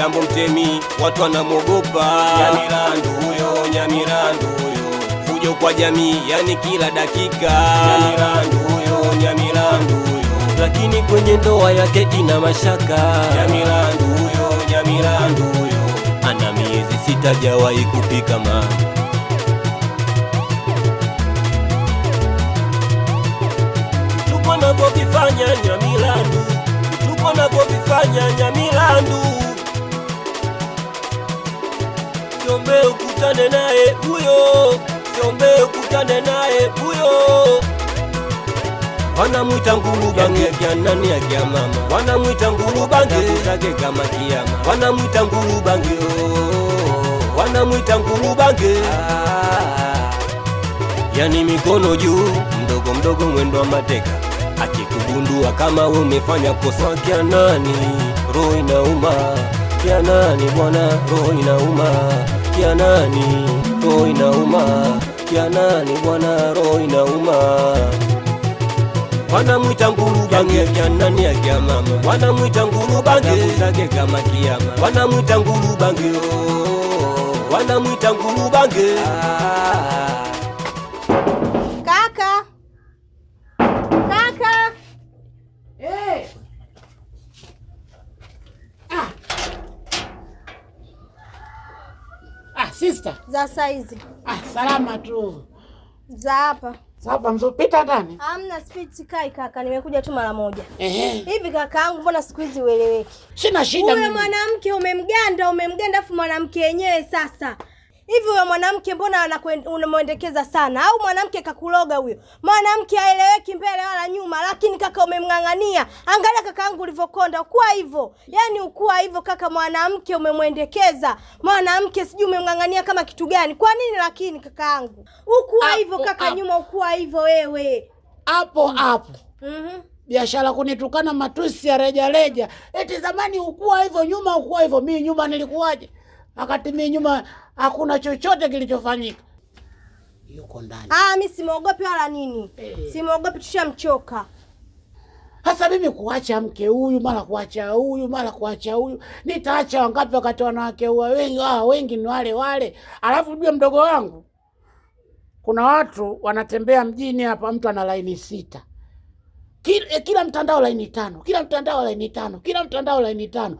Gambo Mtemi watu wanamwogopa. Nyamilandu huyo, Nyamilandu huyo, fujo kwa jamii yani kila dakika. Nyamilandu huyo, Nyamilandu huyo, lakini kwenye ndoa yake ina mashaka. Nyamilandu huyo, Nyamilandu huyo, ana miezi sita jawahi kupika ma tuko navyovifanya Nyamilandu, tuko navyovifanya Nyamilandu ukutane naye huyo, siombee ukutane naye huyo. Wanamwita ngulubange ya nani ya kia mama, wanamwita ngulubange zake kama kiama, wanamwita ngulubange oh, oh, oh. wanamwita ngulubange ah. yani mikono juu, mdogo mdogo mwendo wa mateka, akikugundua kama umefanya kosa, kia nani roho inauma Kia nani bwana, roho inauma. Kia nani, roho inauma. Kia nani bwana, roho inauma. Wana mwita nguru bange, kia nani ya kia mama. Wana mwita nguru bange, kuzake kama Wana mwita nguru bange, oh. Wana mwita nguru bange, ah. za saizi. Ah, salama tu za hapa za hapa. Mzopita ndani? Hamna, speed kai kaka, nimekuja tu mara moja. Ehe. Hivi kakaangu, mbona siku hizi ueleweki? Sina shida. Wewe mwanamke umemganda, umemganda afu mwanamke yenyewe sasa hivi huyo mwanamke mbona unamwendekeza sana? Au mwanamke kakuloga huyo? Mwanamke aeleweki mbele wala nyuma, lakini kaka umemng'ang'ania. Angalia kaka yangu ulivyokonda, ukuwa hivyo, yaani ukuwa hivyo kaka. Mwanamke umemwendekeza mwanamke, sijui umemng'ang'ania kama kitu gani? Kwa nini? Lakini kaka yangu ukuwa hivyo kaka apo, nyuma ukuwa hivyo wewe hapo hapo mm Biashara kunitukana matusi ya rejareja, eti zamani ukuwa hivyo, nyuma ukuwa hivyo. Mimi nyuma nilikuwaje? wakati mimi nyuma hakuna chochote kilichofanyika. Yuko ndani. Ah, mimi simwogopi wala nini. Hey. Eh. Simwogopi, tushamchoka. Sasa mimi kuacha mke huyu mara kuacha huyu mara kuacha huyu, nitaacha wangapi wakati wanawake huwa wengi ah, wengi ni wale wale. Alafu jue mdogo wangu, kuna watu wanatembea mjini hapa, mtu ana laini sita kila, eh, kila mtandao laini tano, kila mtandao laini tano, kila mtandao laini tano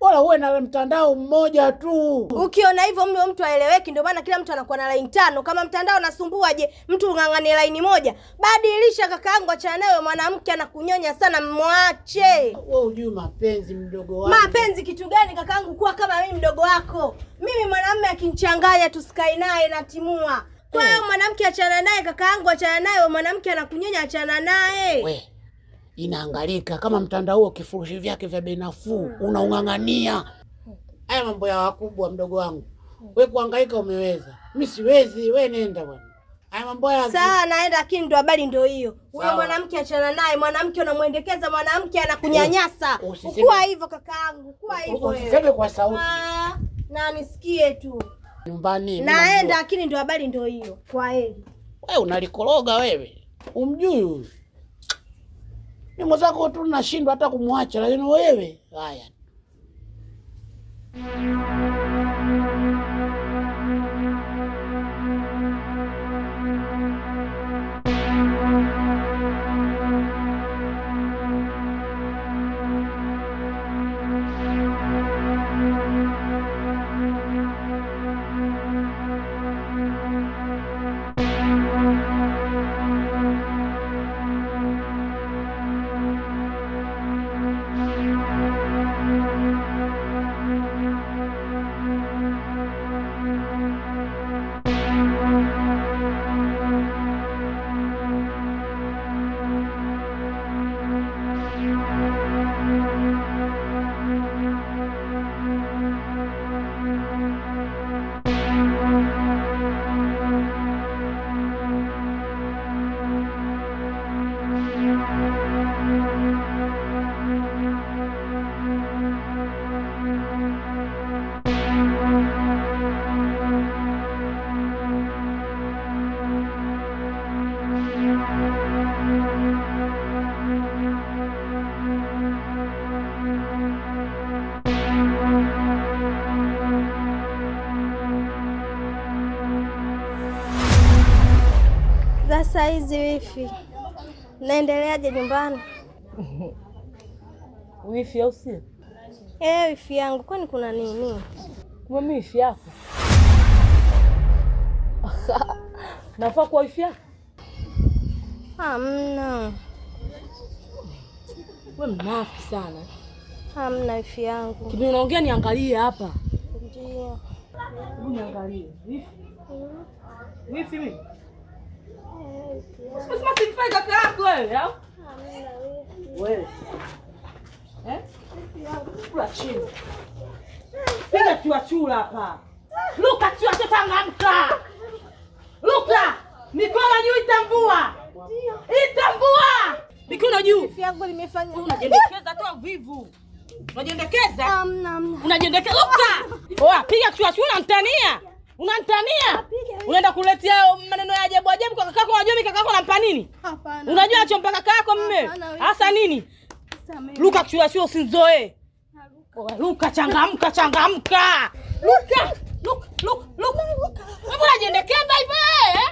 wala uwe na mtandao mmoja tu. Ukiona hivyo huyo mtu aeleweki, ndio maana kila mtu anakuwa na line tano. Kama mtandao unasumbua, je, mtu ung'ang'anie line moja? Badilisha kakaangu, achana nayo Mwanamke anakunyonya sana, mwache. Wewe hujui mapenzi, mdogo wangu. Mapenzi kitu gani kakaangu? Kuwa kama mimi mdogo wako. Mimi mwanamume akinichanganya, tusikai naye natimua. Kwa hiyo eh. mwanamke achana naye kakaangu, achana naye. Mwanamke anakunyonya, achana naye inaangalika kama mtandao huo, kifurushi vyake vya bei nafuu hmm. unaung'ang'ania. Hmm. Haya mambo ya wakubwa, mdogo wangu, we kuangaika umeweza, mi siwezi. We nenda bwana. Sawa, naenda lakini ndo habari ndo hiyo. Huyo mwanamke achana naye, mwanamke unamwendekeza mwanamke anakunyanyasa. Oh, ukuwa hivyo kakaangu, kuwa oh, hivyo wewe. Usiseme kwa sauti. Ah, na nisikie tu. Nyumbani. Naenda lakini ndo habari ndo hiyo. Kwa heri. Wewe unalikoroga wewe. Umjui huyu. Mimi mwenzako tu nashindwa hata kumwacha, lakini wewe haya Chizi, wifi, naendeleaje nyumbani? Wifi au si? Eh, wifi yangu, kwani kuna nini? Kwa mimi wifi yako nafaa kuwa wifi yako? Hamna. We mnafi sana. Hamna wifi yangu. Kimi unaongea niangalie hapa. Ndio. Niangalie. Wifi. Mm. Wifi mimi. Usikusema simfai kaka yako wewe au? Wewe. Eh? Kula chini. Piga kiwa chula hapa. Luka kiwa changamka. Luka, mikono juu itambua. Itambua. Mikono juu. Hivi yangu nimefanya. Unajendekeza tu vivu. Unajendekeza? Unajendekeza. Luka. Oa, piga kiwa chula mtania. Unanitania? Unaenda kuletea maneno ya ajabu ajabu kwa kakako, unajua mimi kakako nampa nini? Hapana. Unajua achompa kakako mme? Hasa nini? Luka chura sio usinzoe. Luka oh, Luka changamka changamka. Luka, Luka, Luka, Luka. Wewe unajiendekea hivyo eh?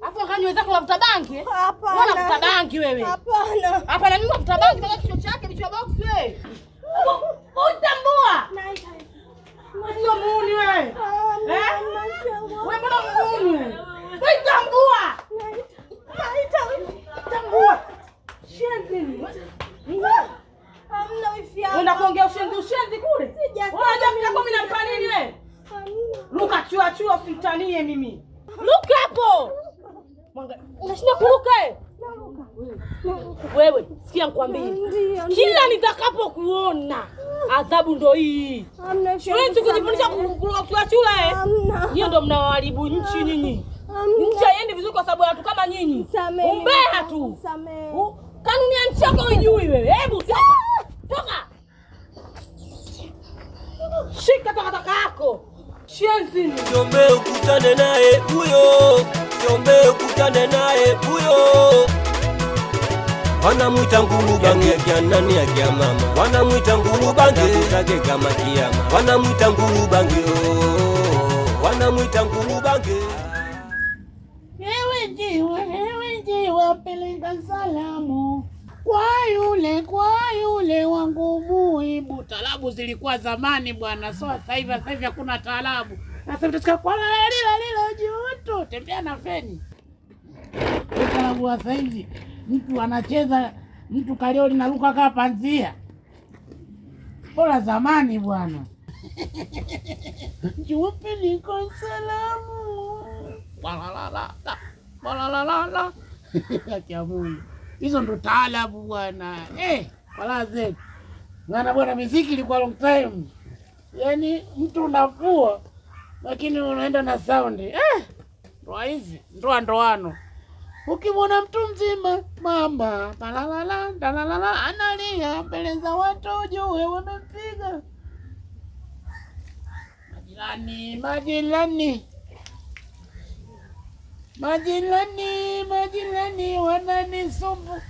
Hapo kaniweza kulavuta banki? Eh? Hapana. Wewe unavuta banki wewe? Hapana. Hapana, mimi navuta banki kwa kichwa chake, kichwa box wewe. Utambua. Nai, Sio muuni ah, eh? wewe. Wewe mbona wewe? tambua. Tambua. Shenzi. Hamna wifi yako. Unaenda kuongea ushenzi ushenzi kule? Unajua kumi na mpanini wewe? Luka chua chua usitanie mimi. Luka hapo. Unashinda kuruka wewe. Wewe sikia, nikwambie, kila nitakapokuona adhabu ndo hii. Siwezi kujifunisha chula, eh, hiyo ndo mnawaharibu nchi nyinyi. Nchi haiendi vizuri kwa sababu ya watu kama nyinyi, umbea tu. Kanuni ya nchi yako wewe. Hebu toka, shika takataka yako, shenzi, niombe ukutane naye huyo Siombee ukutane naye huyo, wanamwita nguru bange ya nani akia mama, wanamwita nguru bange utake kama kiama, wanamwita nguru bange wanamwita nguru bange. Ewe jiwe, ewe jiwe, peleka salamu kwa yule, kwa yule wangu buibu. Talabu zilikuwa zamani bwana, so sasa hivi, sasa hivi hakuna talabu jutu tembea na feni sasa hivi. Mtu anacheza mtu kalio linaruka kaa panzia, bora zamani bwana. Jupi niko salamu walalalala, akia Mungu, hizo ndo taalabu bwana eh, wala zetu bwana bwana, miziki ilikuwa long time, yaani mtu unavua lakini unaenda na saundi eh, ndoa hizi ndoa ndoano. Ukimwona mtu mzima mamba palalala ndalalala analia mbele za watu, ujue wamempiga majirani, majirani, majirani, majirani sumbu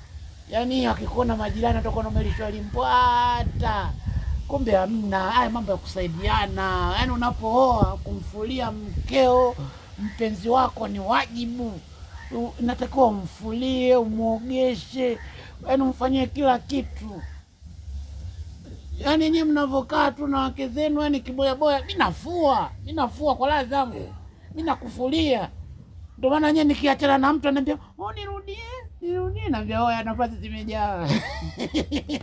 yani akikuona majirani atakuwa umelishwa limbwata kumbe hamna haya mambo ya kusaidiana. Yaani unapooa kumfulia mkeo mpenzi wako ni wajibu, natakiwa umfulie, umwogeshe, yaani umfanyie kila kitu. Yaani nyie mnavyokaa tu na wake zenu, yaani kiboyaboya, Mimi nafua mimi nafua kwa laha zangu, mimi nakufulia. Ndio maana nyinyi nikiachana na mtu anaambia oh, nirudie nirudie, naambia oya, nafasi zimejaa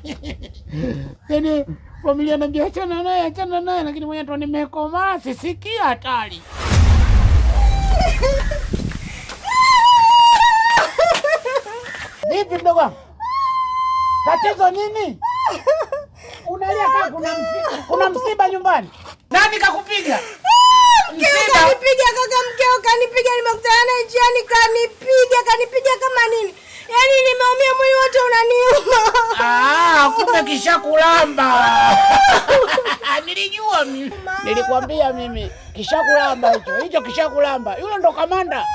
yani familia najiachana naye, achana naye, lakini mwenye ndo nimekomaa, sisikia hatari vipi mdogo wangu? Tatizo nini? Unalia kama kuna msiba, kuna msiba nyumbani? Nani kakupiga? Kanipiga kaka, mkeo kanipiga, nimekutana naye njiani, kanipiga kanipiga kama nini Yaani nimeumia mwili wote unaniuma. Ah, kumbe kisha kulamba. Nilijua mimi. Nilikwambia mimi kisha kulamba hicho. Hicho kisha kulamba. Yule ndo kamanda.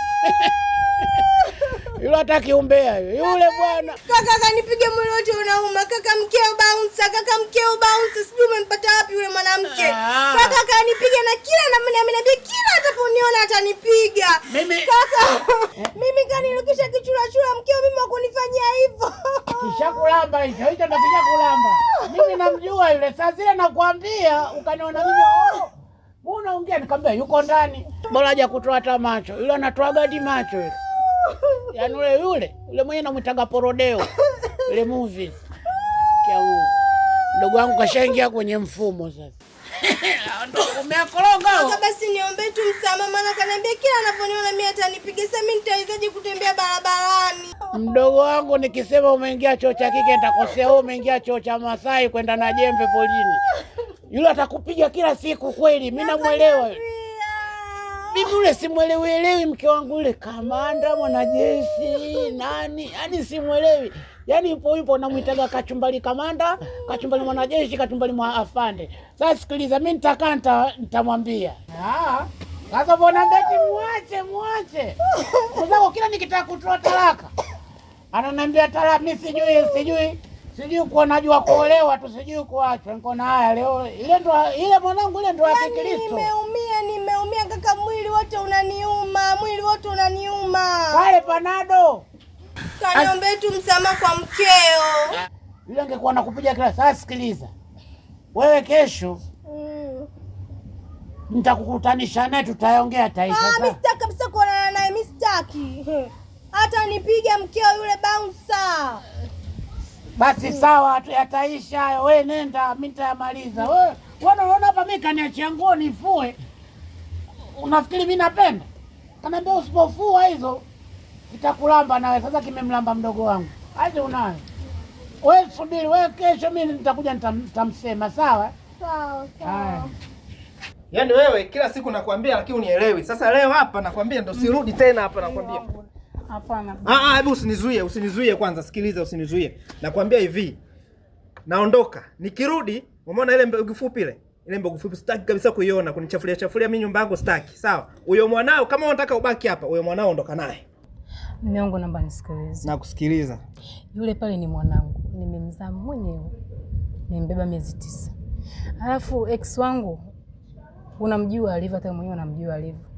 Yule hataki umbea yule bwana. Kaka kanipige mwili wote unauma. Kaka mkeo bounce, kaka mkeo bounce. Sijui umempata ukalia ukaniona mimi oh, unaongea. Nikamwambia yuko ndani, bora aje kutoa hata macho. Yule anatoaga hadi macho yule, yani yule yule yule mwenye namwitaga porodeo yule movie. ndugu wangu kashaingia kwenye mfumo sasa. Umeakoroga basi, niombe tu msamaha, maana kaniambia kila anaponiona mimi atanipiga. Sasa mimi nitawezaje kutembea barabarani? Mdogo wangu nikisema umeingia choo cha kike nitakosea, umeingia choo cha Masai kwenda na jembe polini. Yule atakupiga kila siku kweli, mimi namwelewa. Mimi yule simwelewielewi, mke wangu yule kamanda mwanajeshi nani, yaani simwelewi, yaani ipo ipo namwitaga kachumbali kamanda, kachumbali mwanajeshi, kachumbali mwa afande. Sasa sikiliza, mimi nitakaa nitamwambia ah. sasa. Mbona ngati muache muache mzako, kila nikitaka kutoa talaka ananiambia talaka, mimi sijui sijui sijui kuwa najua kuolewa tu, sijui kuachwa. Niko na haya leo, ile ndo ile mwanangu, ile ndo ya Kikristo. Yaani nimeumia, nimeumia kaka, mwili wote unaniuma, mwili wote unaniuma. Pale panado kaniombe tu msamaha kwa mkeo yule, angekuwa nakupiga kila saa. Sikiliza wewe, kesho mm. nitakukutanisha naye, tutaongea taisha. Ah, mimi sitaki kabisa kuonana naye, mimi sitaki hata nipige mkeo yule bouncer. Basi sawa, yataisha hayo. We nenda, mi nitayamaliza. We unaona hapa, mi kaniachia nguo nifue, unafikiri mi napenda? Kanaambia usipofua hizo kitakulamba nawe. Sasa kimemlamba mdogo wangu, aje unayo we. Subiri we, kesho mi nitakuja nitamsema. Sawa sawa, sawa. Yaani wewe kila siku nakwambia, lakini unielewi. Sasa leo hapa nakwambia ndo sirudi tena hapa nakwambia. Hapana. Ah, ah, hebu usinizuie, usinizuie kwanza, sikiliza, usinizuie. Nakwambia hivi. Naondoka. Nikirudi, umeona ile mbegu fupi ile? Ile mbegu fupi sitaki kabisa kuiona, kunichafulia chafulia mimi nyumba yangu sitaki. Sawa? Huyo mwanao kama unataka ubaki hapa, huyo mwanao ondoka naye. Mume wangu, naomba nisikilize. Nakusikiliza. Yule pale ni mwanangu. Nimemzaa mwenyewe. Nimembeba miezi tisa. Alafu ex wangu unamjua alivyo, hata mwenyewe unamjua alivyo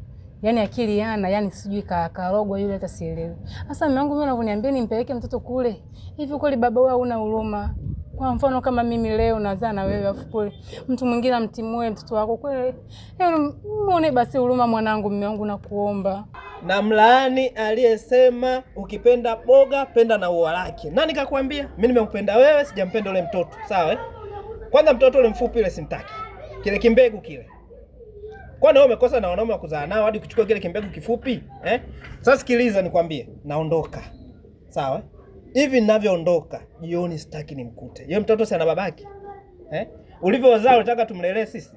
yani akili yana yani sijui ka kakarogwa yule, hata sielewi. Sasa mume wangu mimi unavyoniambia nimpeleke mtoto kule hivi, kweli baba wewe una huruma? Kwa mfano kama mimi leo nazaa na wewe, afu kule mtu mwingine amtimue mtoto wako kweli, yaani muone basi huruma mwanangu. Mume wangu nakuomba. Na mlaani aliyesema ukipenda boga penda na ua lake. Nani kakwambia? Mimi nimekupenda wewe, sijampenda yule mtoto, sawa eh? Kwanza mtoto yule mfupi yule simtaki, kile kimbegu kile Kwani wewe umekosa na wanaume wa kuzaa nao hadi kuchukua kile kimbegu kifupi eh? Sasa sikiliza nikwambie, naondoka sawa. Hivi ninavyoondoka jioni, sitaki nimkute yeye mtoto, si ana eh? Ulivyozaa unataka tumlelee sisi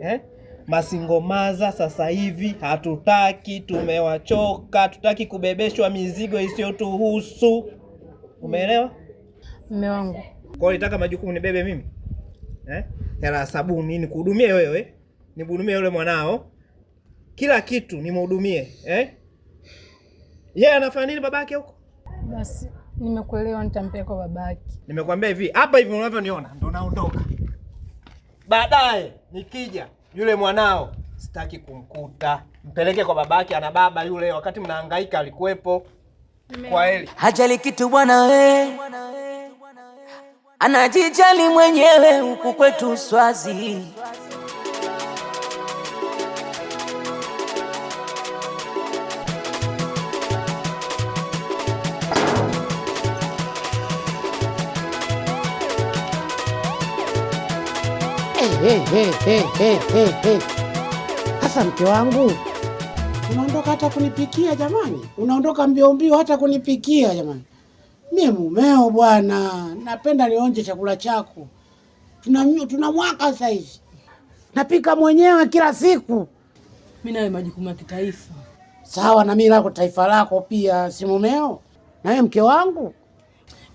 eh? Masingomaza sasa hivi hatutaki, tumewachoka, tutaki kubebeshwa mizigo isiyotuhusu. Umeelewa mme wangu? Kwa hiyo unataka majukumu nibebe mimi eh? Hela sabuni nikuhudumie wewe eh? nimhudumie yule mwanao, kila kitu nimhudumie eh? Yeye yeah, anafanya nini babake huko? Basi nimekuelewa, nitampeleka kwa babake. Nimekuambia hivi hapa, hivi unavyoniona ndo naondoka. Baadaye nikija yule mwanao sitaki kumkuta, mpeleke kwa babake. Ana baba yule, wakati mnahangaika alikuwepo. Kwa heri. Hajali kitu bwana, we anajijali mwenyewe, huku kwetu Swazi. hey, hey, hey, hey, hey, hey. Sasa mke wangu unaondoka hata kunipikia jamani, unaondoka mbio mbio hata kunipikia jamani. Mie mumeo bwana, napenda nionje chakula chako. Tuna, tuna mwaka sasa hivi napika mwenyewe kila siku. Mimi nawe majukumu ya kitaifa sawa, na mimi lako taifa lako pia, si mumeo? Na mke wangu,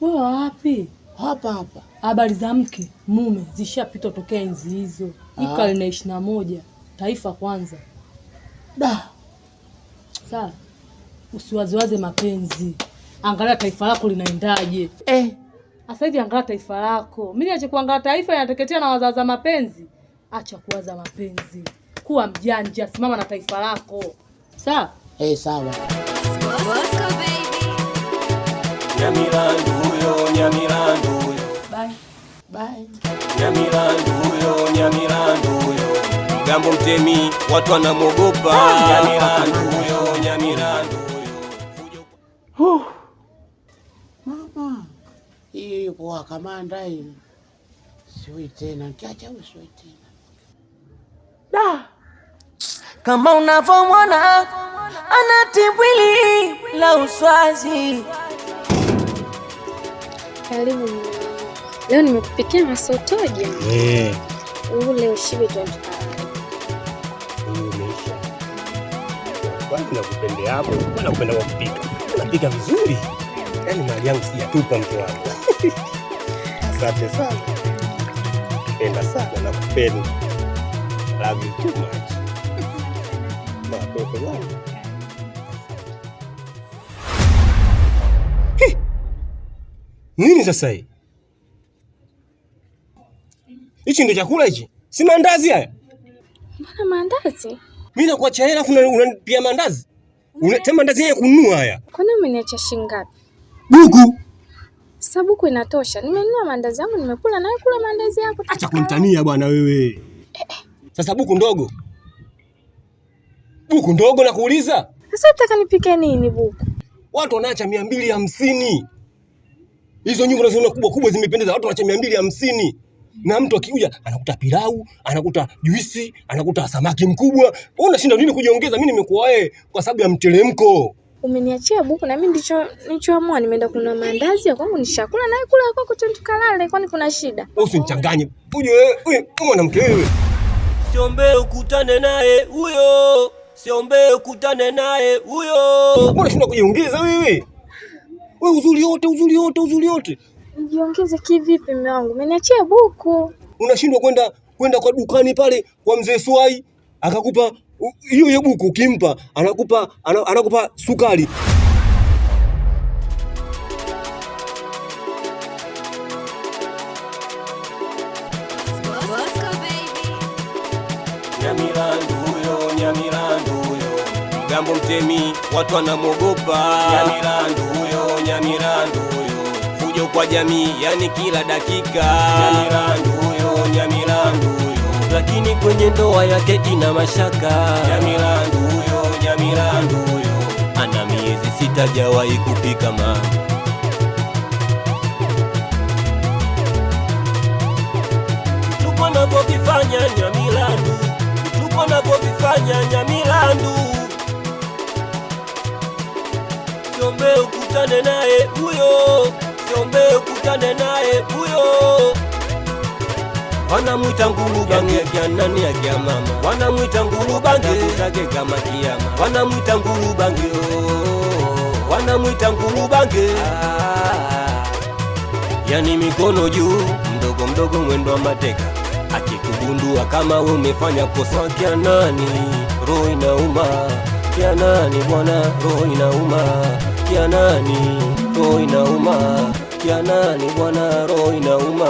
wewe wapi? hapa hapa habari za mke mume zishapitwa tokea enzi hizo, hii ah. karne ya ishirini na moja, taifa kwanza. Da, sasa usiwaziwaze mapenzi, angalia taifa lako linaendaje eh. Sasa hivi angalia taifa lako. Mimi niache kuangalia taifa inateketea na wazaza mapenzi. Acha kuwaza mapenzi, kuwa mjanja, simama na taifa lako sa eh? Sawa Nyamilandu yo Nyamilandu Bye. Nyamilandu yo, Nyamilandu yo. mtemi watu wanamwogopa. Nyamilandu yo, Nyamilandu yo. Mama. Hii poa kamanda hii. Siwi tena, kiacha tena. Da. Kama unavomwona anatibwili la uswazi. Karibu. Leo nimekupikia masotoja. Eh. Ule ushibe tu. Kwani nakupendea hapo, Kwani nakupenda kwa kupika. Unapika vizuri. Yaani mali yangu sijatupa mtu wangu. Asante sana. Nakupenda sana, nakupenda. Love you too much. Na pepe wangu. Nini sasa hii? Hichi ndio chakula hichi? Si mandazi haya? Mbona mandazi? Mimi nakuacha hela afu unanipia mandazi? Unatema mandazi ya kununua haya. Kwa nini umeniacha shilingi ngapi? Buku. Sasa buku inatosha. Nimenunua mandazi yangu nimekula na kula mandazi yako. Acha kunitania bwana wewe. Eh, eh. Sasa buku ndogo. Buku ndogo nakuuliza. Sasa unataka nipike nini buku? Watu wanaacha mia mbili hamsini. Hizo nyumba unaziona kubwa kubwa zimependeza. Watu wanaacha mia mbili hamsini na mtu akikuja anakuta pilau, anakuta juisi, anakuta samaki mkubwa. Wewe unashinda nini kujiongeza? Mimi nimekuwa wewe kwa sababu ya mteremko. Umeniachia buku na mimi ndicho nilichoamua, nimeenda kununua maandazi ya kwangu nishakula na kula kwa kwako tu kwani kuna shida? Wewe usinichanganye. Uje wewe, mwanamke wewe. Siombee ukutane naye huyo. Siombee ukutane naye huyo. unashinda kujiongeza wewe? Wewe uzuri wote, uzuri wote, uzuri wote. Nijiongeze kivipi mume wangu? Umeniachia buku. Unashindwa kwenda kwenda kwa dukani pale kwa mzee Swai akakupa hiyo hiyo buku ukimpa anakupa anakupa sukari. mtemi watu anamwogopa. Nyamirandu huyo, Nyamirandu huyo wito kwa jamii, yani kila dakika. Nyamilandu huyo, Nyamilandu huyo, lakini kwenye ndoa yake ina mashaka. Nyamilandu huyo, Nyamilandu huyo, ana miezi sita jawahi kupika ma Kifanya navyovifanya Nyamilandu, tupo navyovifanya Nyamilandu, sombe ukutane naye huyo Njombe ukutane naye huyo, wanamwita nguru bange ya nani ya kia mama, wanamwita nguru bange zake kama kiama, wanamwita nguru bange oh, wanamwita nguru bange ah, yani mikono juu, mdogo mdogo mwendo wa mateka, akikugundua kama we umefanya kosa kia nani, roho inauma kia nani bwana, roho inauma kia nani, roho inauma ya nani bwana, roho inauma.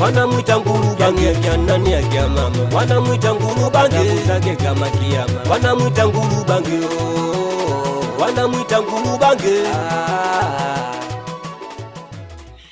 Wanamwita nguru bange ya nani ya jamaa, wanamwita nguru bange zake kama kiama, wanamwita nguru bange, oh, oh, oh. wanamwita nguru bange ah.